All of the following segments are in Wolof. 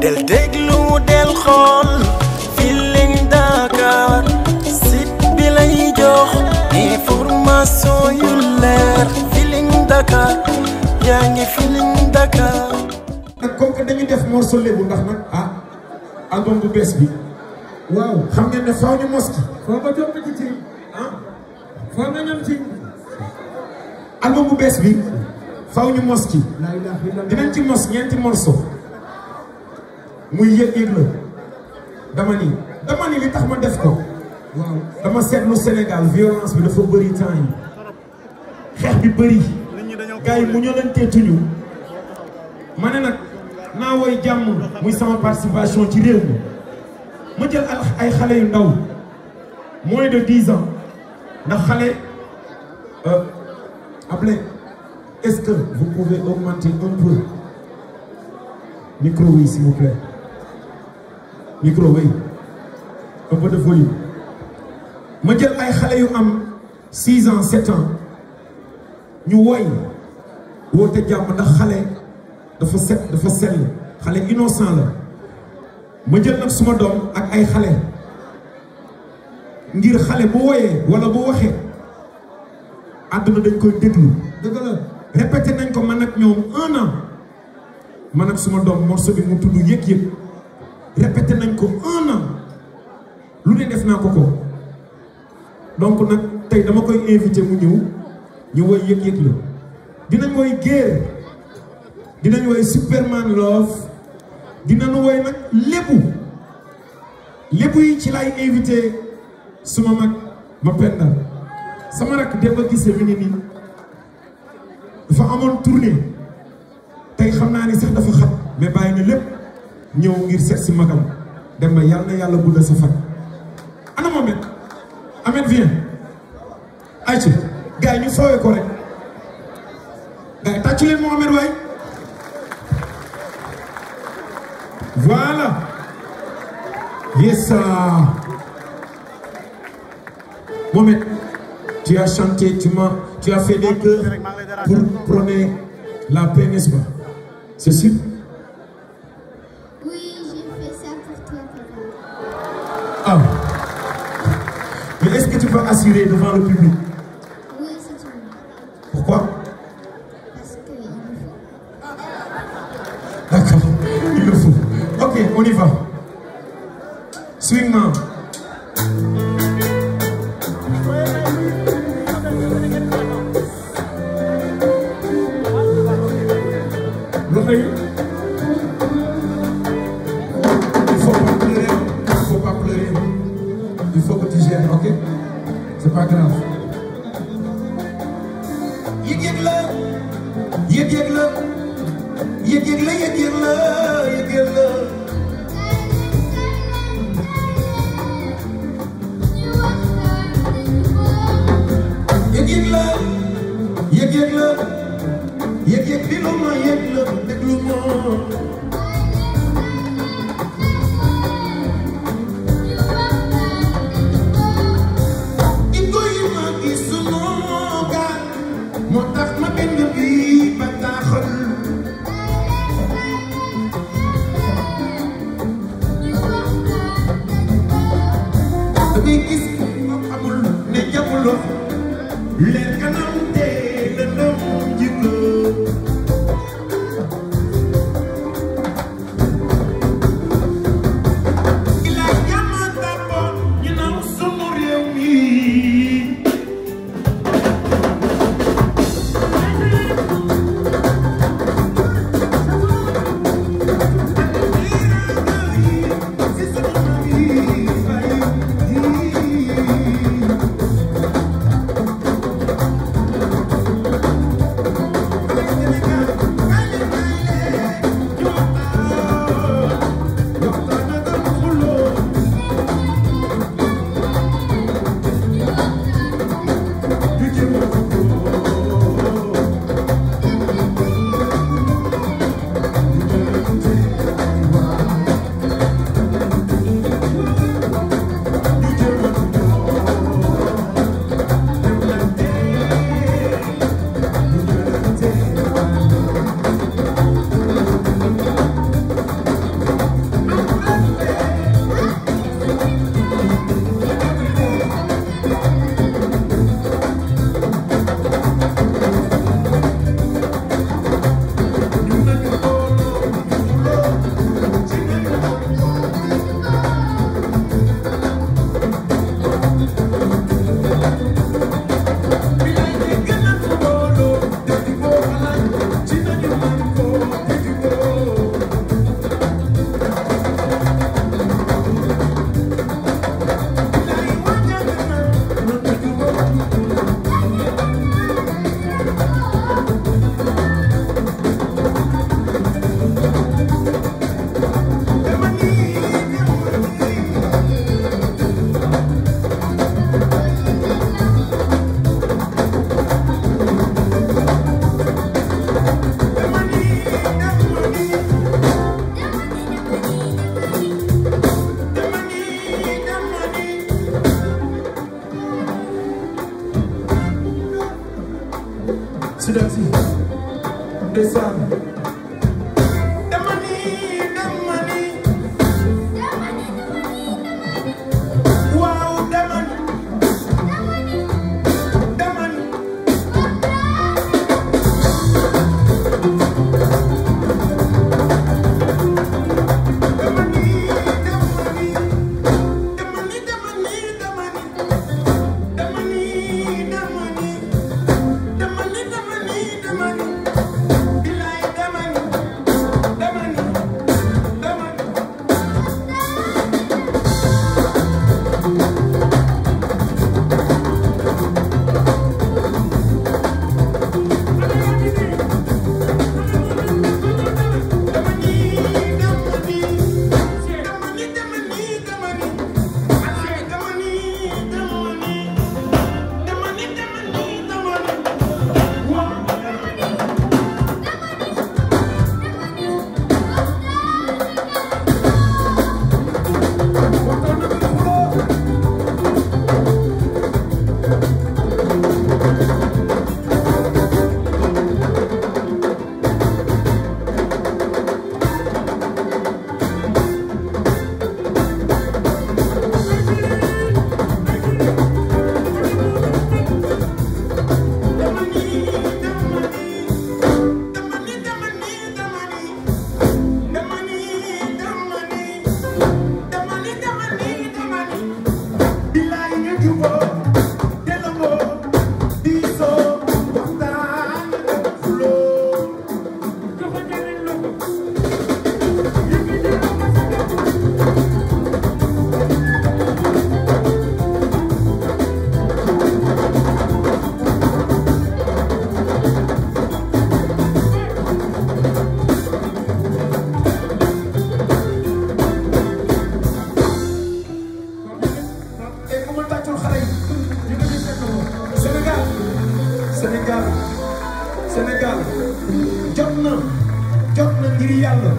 del déglu del xool Feeling Dakar site bi lay jox information yu leer Feeling Dakar yaa ngi Feeling Dakar nag comme que dañu def morceau lébu ndax nag ah album bu bees bi waaw xam ngeen ne faaw ñu moski foo nga jot ci ci nga ah. bu bees bi faaw ñu moski dinañ ci mos ñeenti morceau muy yëg-yëg la dama ni dama ni li tax ma def ko waaw dama seetlu Sénégal violence bi dafa bëri temps yi xeex bi bëri gars yi mu ñëlanteetuñu ma ne nag naa woy jàmm muy sama participation ci réew mi ma jël ay xale yu ndaw mooy de dix ans ndax xale euh, après est-ce que augmenter un peu micro bi s'il vous micro way un peu ma jël ay xale yu am six ans ñu woy woote jàmm ndax xale dafa set dafa sell xale innocent la ma jël nag suma doom ak ay xale ngir xale bu woyee wala bu waxee àdduna dañ koy déglu dëgg la répété nañ ko man ak ñoom un man ak suma doom morceau bi mu tudd yëg-yëg répété nañ ko un an lu ne def naa ko ko donc nag tey dama koy invité mu ñëw ñu woy yëg-yëg la dinañ woy géer dinañ woy superman love dinañ woy nag lébu lébu yi ci lay invité suma mag ma penda sama rak Demba Guissé mi ngi nii dafa amoon tournée tey xam naa ne sax dafa xat mais bàyyi na lépp ñëw ngir seet si magam dem ba yàlla na yàlla guddal sa fan. ana moom it Ameth vient ayca gars yi ko rek gars yi tàccu leen Mohamed waay voilà yes Mohamed tu as chanté tu m'as tu as fait des la paix n'est-ce va assurer devant le public. Oui, c'est ça. Pourquoi? Parce que il le faut. D'accord, il le faut. Ok, on y va. Swingman. loxo yi yëg yëg la yëg yëg la yëg yëg la yëg yëg la yëg yëg la yëg yëg bi lu ma yëg la déglu ma da ngay gis moom amul ne jàppuloo leer kanam si dëkk si ndeysaan jot na ngir yàlla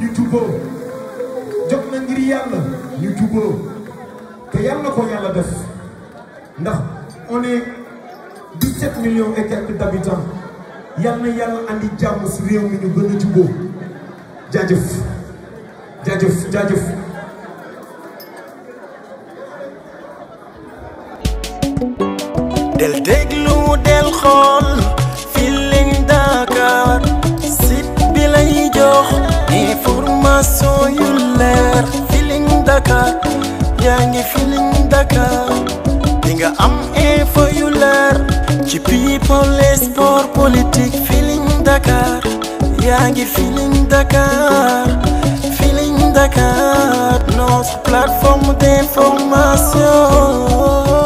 ñu juboo jot na ngir yàlla ñu juboo te yàlla ko yàlla def ndax on est 17 millions et quelques d'habitants yàlla na yàlla andi jàmm si réew mi ñu gën a juboo jaajëf jaajëf information yu leer Dakar yaa ngi Feeling Dakar di nga am info yu leer ci people et Dakar yaa ngi Feeling Dakar Feeling Dakar notre plateforme d'information